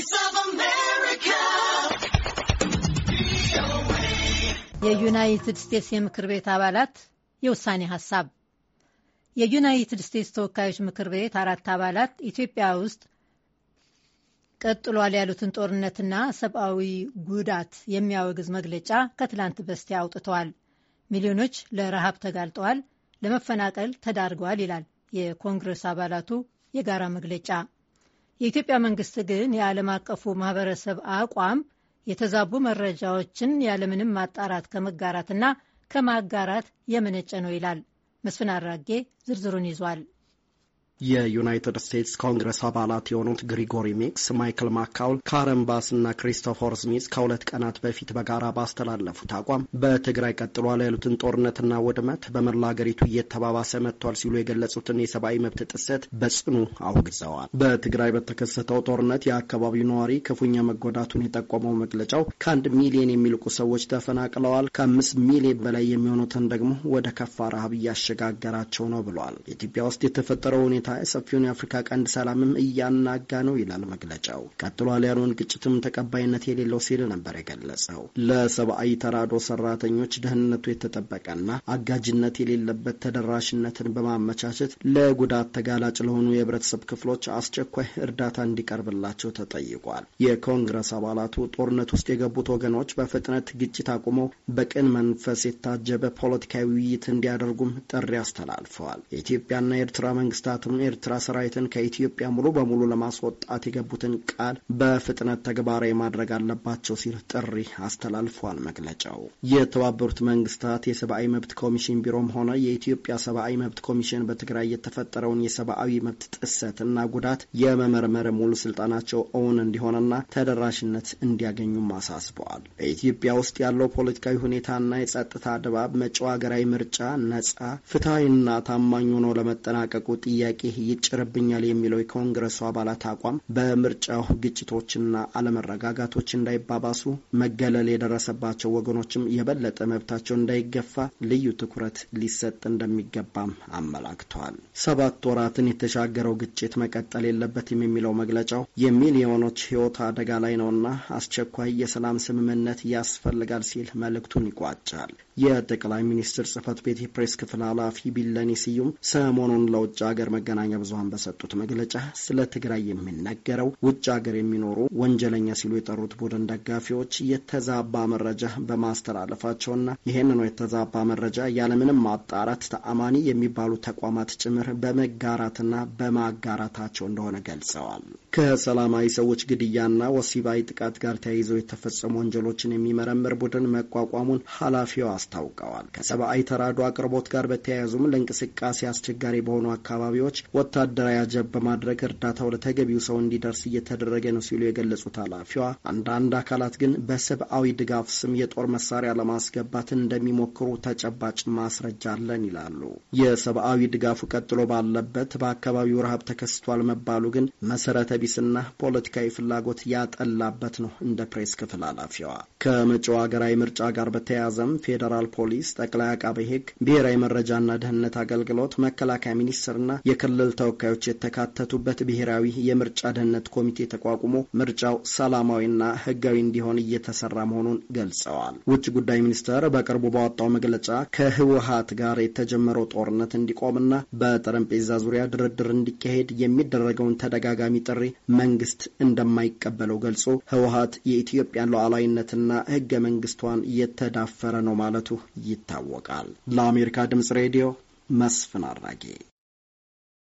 Voice of America. የዩናይትድ ስቴትስ የምክር ቤት አባላት የውሳኔ ሀሳብ የዩናይትድ ስቴትስ ተወካዮች ምክር ቤት አራት አባላት ኢትዮጵያ ውስጥ ቀጥሏል ያሉትን ጦርነትና ሰብአዊ ጉዳት የሚያወግዝ መግለጫ ከትላንት በስቲያ አውጥተዋል። ሚሊዮኖች ለረሃብ ተጋልጠዋል፣ ለመፈናቀል ተዳርገዋል ይላል የኮንግረስ አባላቱ የጋራ መግለጫ። የኢትዮጵያ መንግስት ግን የዓለም አቀፉ ማህበረሰብ አቋም የተዛቡ መረጃዎችን ያለምንም ማጣራት ከመጋራትና ከማጋራት የመነጨ ነው ይላል። መስፍን አራጌ ዝርዝሩን ይዟል። የዩናይትድ ስቴትስ ኮንግረስ አባላት የሆኑት ግሪጎሪ ሚክስ፣ ማይክል ማካውል፣ ካረን ባስ እና ክሪስቶፈር ስሚዝ ከሁለት ቀናት በፊት በጋራ ባስተላለፉት አቋም በትግራይ ቀጥሏል ያሉትን ጦርነትና ውድመት በመላ ሀገሪቱ እየተባባሰ መጥቷል ሲሉ የገለጹትን የሰብአዊ መብት ጥሰት በጽኑ አውግዘዋል። በትግራይ በተከሰተው ጦርነት የአካባቢው ነዋሪ ክፉኛ መጎዳቱን የጠቆመው መግለጫው ከአንድ ሚሊዮን የሚልቁ ሰዎች ተፈናቅለዋል፣ ከአምስት ሚሊዮን በላይ የሚሆኑትን ደግሞ ወደ ከፋ ረሃብ እያሸጋገራቸው ነው ብሏል። ኢትዮጵያ ውስጥ የተፈጠረው ሁኔታ ሰፊውን የአፍሪካ ቀንድ ሰላምም እያናጋ ነው ይላል መግለጫው። ቀጥሏል ያለውን ግጭትም ተቀባይነት የሌለው ሲል ነበር የገለጸው። ለሰብአዊ ተራድኦ ሰራተኞች ደህንነቱ የተጠበቀና አጋጅነት የሌለበት ተደራሽነትን በማመቻቸት ለጉዳት ተጋላጭ ለሆኑ የህብረተሰብ ክፍሎች አስቸኳይ እርዳታ እንዲቀርብላቸው ተጠይቋል። የኮንግረስ አባላቱ ጦርነት ውስጥ የገቡት ወገኖች በፍጥነት ግጭት አቁመው በቅን መንፈስ የታጀበ ፖለቲካዊ ውይይት እንዲያደርጉም ጥሪ አስተላልፈዋል። የኢትዮጵያና የኤርትራ መንግስታትም ኤርትራ ሰራዊትን ከኢትዮጵያ ሙሉ በሙሉ ለማስወጣት የገቡትን ቃል በፍጥነት ተግባራዊ ማድረግ አለባቸው ሲል ጥሪ አስተላልፏል። መግለጫው የተባበሩት መንግስታት የሰብአዊ መብት ኮሚሽን ቢሮም ሆነ የኢትዮጵያ ሰብአዊ መብት ኮሚሽን በትግራይ የተፈጠረውን የሰብአዊ መብት ጥሰት እና ጉዳት የመመርመር ሙሉ ስልጣናቸው እውን እንዲሆንና ተደራሽነት እንዲያገኙም አሳስበዋል። በኢትዮጵያ ውስጥ ያለው ፖለቲካዊ ሁኔታና የጸጥታ ድባብ መጪው ሀገራዊ ምርጫ ነጻ ፍትሐዊና ታማኝ ሆኖ ለመጠናቀቁ ጥያቄ ጥያቄ ይጭርብኛል የሚለው የኮንግረሱ አባላት አቋም በምርጫው ግጭቶችና አለመረጋጋቶች እንዳይባባሱ መገለል የደረሰባቸው ወገኖችም የበለጠ መብታቸው እንዳይገፋ ልዩ ትኩረት ሊሰጥ እንደሚገባም አመላክተዋል። ሰባት ወራትን የተሻገረው ግጭት መቀጠል የለበትም የሚለው መግለጫው የሚሊዮኖች ሕይወት አደጋ ላይ ነውና አስቸኳይ የሰላም ስምምነት ያስፈልጋል ሲል መልእክቱን ይቋጫል። የጠቅላይ ሚኒስትር ጽህፈት ቤት የፕሬስ ክፍል ኃላፊ ቢለኔ ስዩም ሰሞኑን ለውጭ ሀገር መገ መገናኛ ብዙሀን በሰጡት መግለጫ ስለ ትግራይ የሚነገረው ውጭ ሀገር የሚኖሩ ወንጀለኛ ሲሉ የጠሩት ቡድን ደጋፊዎች የተዛባ መረጃ በማስተላለፋቸውና ይህንኑ የተዛባ መረጃ ያለምንም ማጣራት ተአማኒ የሚባሉ ተቋማት ጭምር በመጋራትና በማጋራታቸው እንደሆነ ገልጸዋል። ከሰላማዊ ሰዎች ግድያና ወሲባዊ ጥቃት ጋር ተያይዘው የተፈጸሙ ወንጀሎችን የሚመረምር ቡድን መቋቋሙን ኃላፊው አስታውቀዋል። ከሰብአዊ ተራዶ አቅርቦት ጋር በተያያዙም ለእንቅስቃሴ አስቸጋሪ በሆኑ አካባቢዎች ወታደራዊ አጀብ በማድረግ እርዳታው ለተገቢው ሰው እንዲደርስ እየተደረገ ነው ሲሉ የገለጹት ኃላፊዋ አንዳንድ አካላት ግን በሰብአዊ ድጋፍ ስም የጦር መሳሪያ ለማስገባት እንደሚሞክሩ ተጨባጭ ማስረጃ አለን ይላሉ። የሰብአዊ ድጋፉ ቀጥሎ ባለበት በአካባቢው ረሃብ ተከስቷል መባሉ ግን መሰረተ ቢስና ፖለቲካዊ ፍላጎት ያጠላበት ነው። እንደ ፕሬስ ክፍል ኃላፊዋ ከመጪው ሀገራዊ ምርጫ ጋር በተያያዘም ፌዴራል ፖሊስ፣ ጠቅላይ አቃቤ ሕግ፣ ብሔራዊ መረጃና ደህንነት አገልግሎት፣ መከላከያ ሚኒስቴርና ክልል ተወካዮች የተካተቱበት ብሔራዊ የምርጫ ደህንነት ኮሚቴ ተቋቁሞ ምርጫው ሰላማዊና ህጋዊ እንዲሆን እየተሰራ መሆኑን ገልጸዋል። ውጭ ጉዳይ ሚኒስቴር በቅርቡ ባወጣው መግለጫ ከህወሀት ጋር የተጀመረው ጦርነት እንዲቆምና በጠረጴዛ ዙሪያ ድርድር እንዲካሄድ የሚደረገውን ተደጋጋሚ ጥሪ መንግስት እንደማይቀበለው ገልጾ ህወሀት የኢትዮጵያን ሉዓላዊነትና ህገ መንግስቷን የተዳፈረ ነው ማለቱ ይታወቃል። ለአሜሪካ ድምጽ ሬዲዮ መስፍን አራጌ